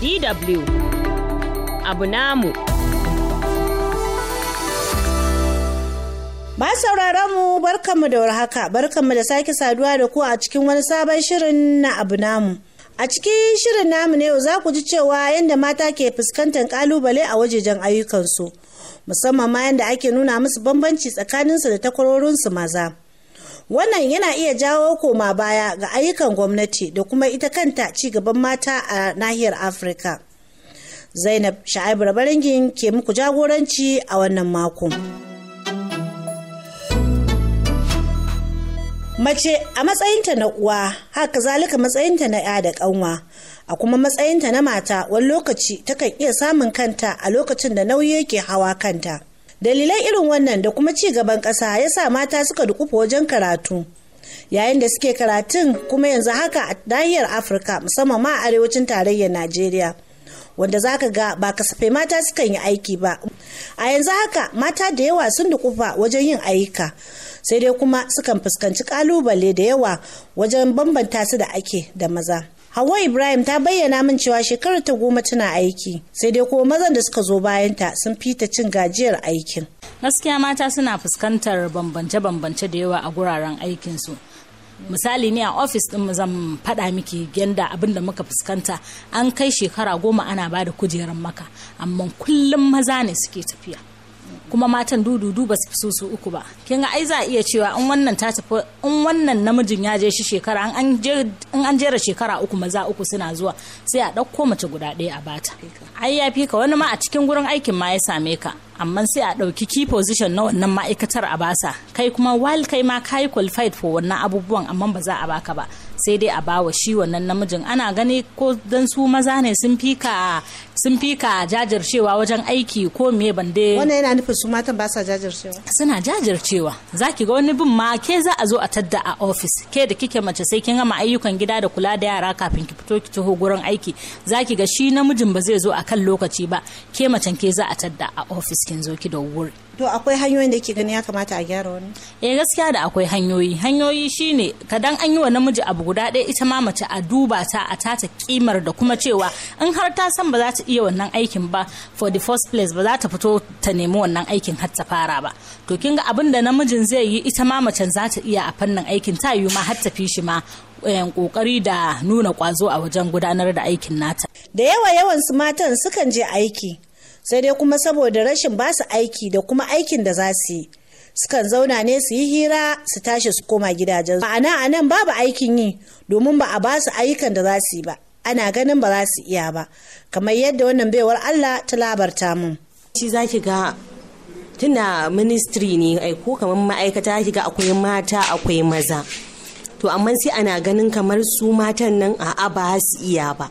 DW abu namu. Ba sauraron mu barkanmu da warhaka barkanmu da sake saduwa da ku a cikin wani sabon shirin na abu namu. A cikin shirin namu ne za ku ji cewa yadda mata ke fuskantar kalubale a wajejen ayyukansu musamman ma yadda ake nuna musu bambanci tsakaninsu da takwarorinsu maza. Wannan yana iya jawo koma baya ga ayyukan gwamnati da kuma ita kanta ci gaban mata a nahiyar Afirka. Zainab Sha'ib Rabarangin ke muku jagoranci a wannan mako. Mace a matsayinta na uwa, haka zalika matsayinta na ya da kanwa, a kuma matsayinta na mata wani lokaci takan iya samun kanta a lokacin da nauyi yake hawa kanta. dalilai irin wannan da kuma ci gaban ƙasa ya sa mata suka dukufa wajen karatu yayin da suke karatun kuma yanzu haka a nahiyar afirka musamman ma a arewacin tarayyar najeriya wanda za ka ga ba kasafai mata sukan yi aiki ba a yanzu haka mata da yawa sun dukufa wajen yin ayyuka sai dai kuma sukan fuskanci kalubale da yawa wajen bambanta su da ake da maza hauwa Ibrahim ta bayyana min cewa shekarar ta goma tana aiki sai dai kuma mazan da suka zo bayanta sun fita cin gajiyar aikin. Gaskiya mata suna fuskantar bambance-bambance da yawa a guraren aikinsu. misali ne a ofis ɗin mu zan faɗa miki yanda abin da muka fuskanta an kai shekara goma ana ba da kujerar maka amma kullum maza ne suke tafiya kuma matan dududu ba su fi su uku ba kin ga ai za a iya cewa in wannan ta tafi in wannan namijin ya je shi shekara in an jera shekara uku maza uku suna zuwa sai a ɗauko mace guda ɗaya a bata ai ya fi ka wani ma a cikin gurin aikin ma ya same ka amma sai a ɗauki key position na wannan ma'aikatar a basa kai kuma while kai ma kai qualified for wannan abubuwan amma ba za a baka ba sai dai a bawa shi wannan namijin ana gani ko dan su maza ne sun fika sun jajircewa wajen aiki ko me bande wannan yana nufin su matan ba sa jajircewa suna jajircewa zaki ga wani bin ma ke za a zo a tadda a office ke da kike mace sai kin gama ayyukan gida da kula da yara kafin ki fito ki taho gurin aiki zaki ga shi namijin ba zai zo a kan lokaci ba ke macen ke za a tadda a ofis kin zo ki da wuri to akwai hanyoyin da ke gani ya kamata a gyara wani eh gaskiya da akwai hanyoyi hanyoyi shine kadan an yi wa namiji abu guda ɗaya ita ma mace a duba ta a tata kimar da kuma cewa in har ta san ba za ta iya wannan aikin ba for the first place ba za ta fito ta nemi wannan aikin har ta fara ba to kin ga abin da namijin zai yi ita ma macen za ta iya a fannin aikin ta yi ma har ta fi shi ma kokari eh, da nuna kwazo a wajen gudanar da aikin nata da yawa yawan su matan sukan je aiki sai dai kuma saboda rashin basu aiki da kuma aikin da za su yi sukan zauna ne su yi hira su tashi su koma gidajen ma'ana a nan babu aikin yi domin ba a ba su ayyukan da za su yi ba ana ganin ba za su iya ba kamar yadda wannan baiwar Allah ta labarta mun shi zaki ga tunda ministry ne ai ko kamar ma'aikata ki ga akwai mata akwai maza to amma sai ana ganin kamar su matan nan a'a ba su iya ba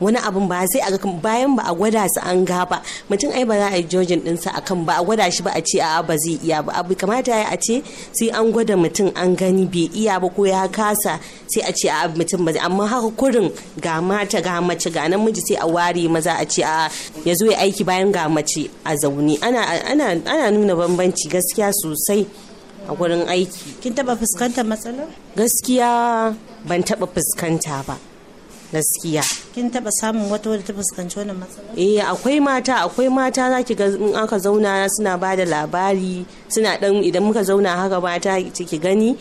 wani abin ba sai a bayan ba a gwada su an ga ba mutum ai ba za a yi jojin dinsa kan ba a gwada shi ba a ce a ba zai iya ba abu kamata ya a ce sai an gwada mutum an gani bai iya ba ko ya kasa sai a ce a mutum ba zai amma haka kurin ga mata ga mace ga namiji sai a ware maza a ce a ya zo ya aiki bayan ga mace a zaune ana ana ana nuna bambanci gaskiya sosai a gurin aiki kin taba fuskantar matsala gaskiya ban taba fuskanta ba gaskiya kin taba samun wata wadda ta fuskanci wannan matsala eh akwai mata akwai mata zaki ga in aka zauna suna ba da labari suna dan idan muka zauna haka mata ki gani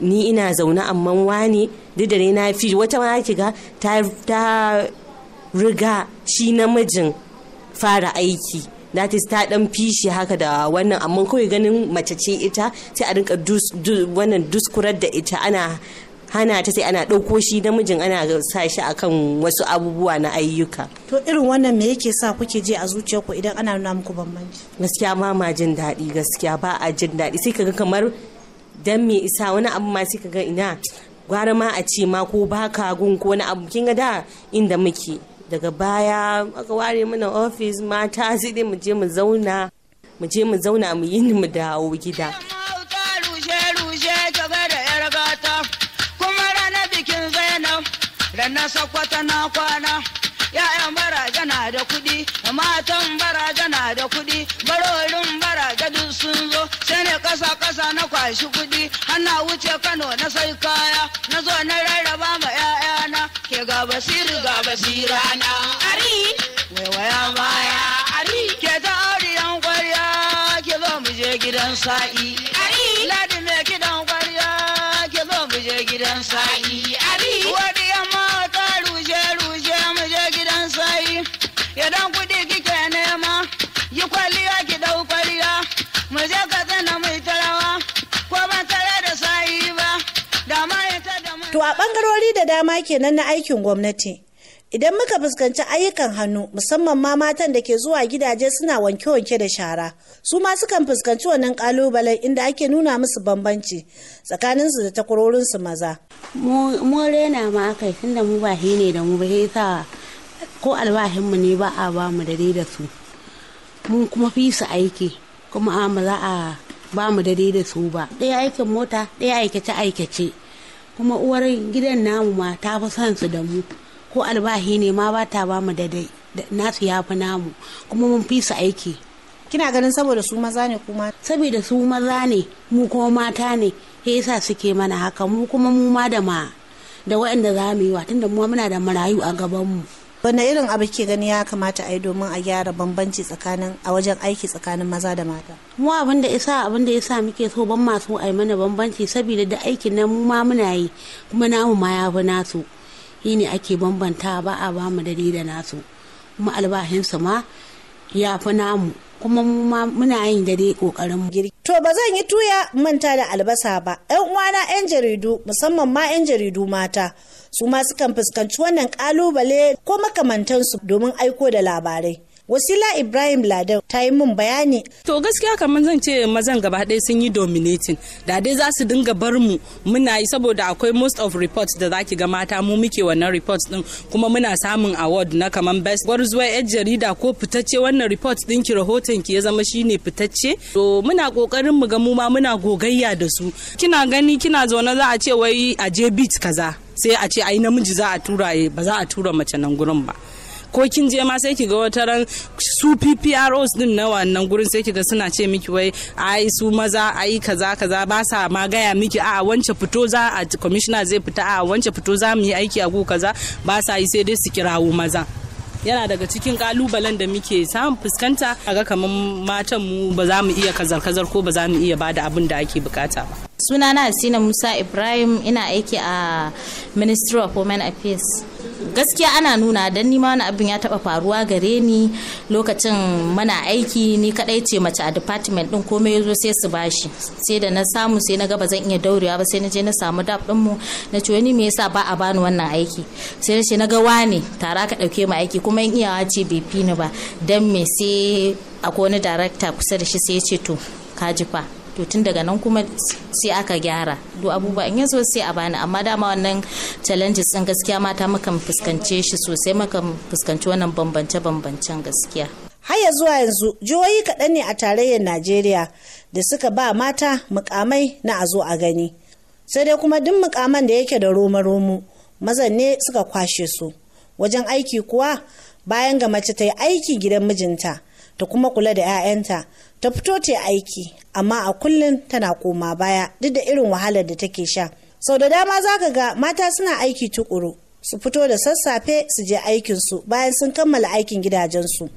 ni ina zaune amma wani duk da na fi wata ma ki ga ta ta riga shi namijin fara aiki that is ta dan fishi haka da wannan amma kawai ganin mace ce ita sai a rinka dus, wannan duskurar da ita ana hana ta sai ana ɗauko shi namijin ana sa shi akan wasu abubuwa na ayyuka to irin wannan me yake sa kuke je a zuciyarku idan ana nuna muku bambanci gaskiya ba ma jin daɗi gaskiya ba a jin daɗi sai kaga kamar dan me isa wani abu ma sai kaga ina gwara ma a ce ma ko baka gun ko wani abu kin ga da inda muke daga baya aka ware mana ofis mata sai dai mu je mu zauna mu je mu zauna mu yi mu dawo gida da na sakwata na kwana yayan baraja na da kuɗi matan baraja na da kuɗi barorin baraja duk sun zo sai ne kasa kasa na kwashi kuɗi ana wuce kano na sai kaya na zo na rarraba ma yayana ke ga basiru ga na. ari waya baya ari ke ta auriyan kwarya ke zo mu je gidan sa'i ari ladi me gidan kwarya ke zo mu je gidan sa'i da dama kenan na aikin gwamnati idan muka fuskanci ayyukan hannu musamman ma matan da ke zuwa gidaje suna wanke-wanke da shara su ma sukan fuskanci wannan kalubalen inda ake nuna musu bambanci tsakaninsu da takwarorinsu maza mu rena ma aka yi tunda mu ba ne da mu ba sa ko mu ne ba a ba mu dare da su mun kuma fi su aiki kuma a ba mu dare da su ba ɗaya aikin mota ɗaya aikace-aikace kuma uwar gidan namu ma ta fi son su da mu ko albahi ne ma ba ta ba mu dai nasu ya fi namu kuma mun fi su aiki kina ganin saboda su maza ne kuma saboda su maza ne mu kuma mata ne ya yasa suke mana haka mu kuma mu ma da ma da waɗanda za mu yi wa tunda mu muna da marayu a gaban mu wanda irin abu ke gani ya kamata a yi domin a gyara bambanci tsakanin a wajen aiki tsakanin maza da mata mu abin da isa abin da isa muke so ban masu ai mana bambanci saboda da aikin na mu ma muna yi kuma namu ma ya fi nasu ne ake bambanta ba a ba mu da da nasu kuma albahinsu ma ya fi namu kuma muna yin dare kokarin girki. To ba zan yi tuya manta da albasa ba. 'Yan uwana 'yan jaridu musamman ma 'yan jaridu mata. su ma sukan fuskanci wannan kalubale ko makamantansu domin aiko da labarai wasila ibrahim ladan ta yi min bayani to gaskiya kamar zan ce mazan gaba ɗaya sun yi dominating da dai za su dinga bar mu muna yi saboda akwai most of reports da zaki ga mata mu muke wannan reports din kuma muna samun award na kamar best zuwa yar jarida ko fitacce wannan report din ki rahoton ki ya zama shine fitacce to muna kokarin mu ga mu ma muna gogayya da su kina gani kina zaune za a ce wai a je beat kaza sai a ce ai namiji za a tura ya ba za a tura mace nan gurin ba ko kin je ma sai kiga wata ran su PPROs din na wannan gurin sai kiga suna ce miki wai ai su maza ai kaza kaza ba sa ma gaya miki a wance fito za a commissioner zai fita a wance fito za mu yi aiki a gu kaza ba sa yi sai dai su kirawo maza yana daga cikin kalubalen da muke samun fuskanta a ga kamar matan mu ba za mu iya kazar kazar ko ba za mu iya bada abin da ake bukata ba suna na asina musa ibrahim ina aiki a ministry of women affairs gaskiya ana nuna don nima wani abin ya taba faruwa gare ni lokacin mana aiki ni kadai ce mace a department din komai ya zo sai su bashi sai da na samu sai na gaba zan iya daurewa ba sai na je na samu dab din mu na ce wani me yasa ba a bani wannan aiki sai na ce na ga wani tara ka dauke mu aiki kuma in iyawa ce bai fi ni ba dan me sai akwai wani director kusa da shi sai ya ce to ka ji fa to tun daga nan kuma sai aka gyara do abubuwa in yanzu sai a bani amma dama wannan challenges din gaskiya mata muka fuskance shi sosai muka fuskanci wannan bambance bambancen gaskiya haya zuwa yanzu jihohi kaɗan ne a tarayyar najeriya da suka ba mata mukamai na a zo a gani sai dai kuma duk mukaman da yake da romo-romo mazan ne suka kwashe su wajen aiki kuwa bayan ga mace ta yi aiki gidan mijinta ta kuma kula da 'ya'yanta ta fito ta aiki amma a kullum tana koma baya duk da irin wahalar da take sha sau da dama za ka ga mata suna aiki tukuru su fito da sassafe su je aikinsu bayan sun kammala aikin gidajensu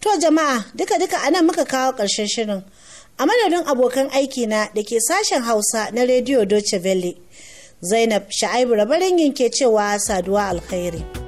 to jama'a duka duka a nan muka kawo ƙarshen shirin a madadin abokan aiki na da ke sashen hausa na rediyo doce valley zainab sha'ibu rabarin ke cewa saduwa alkhairi.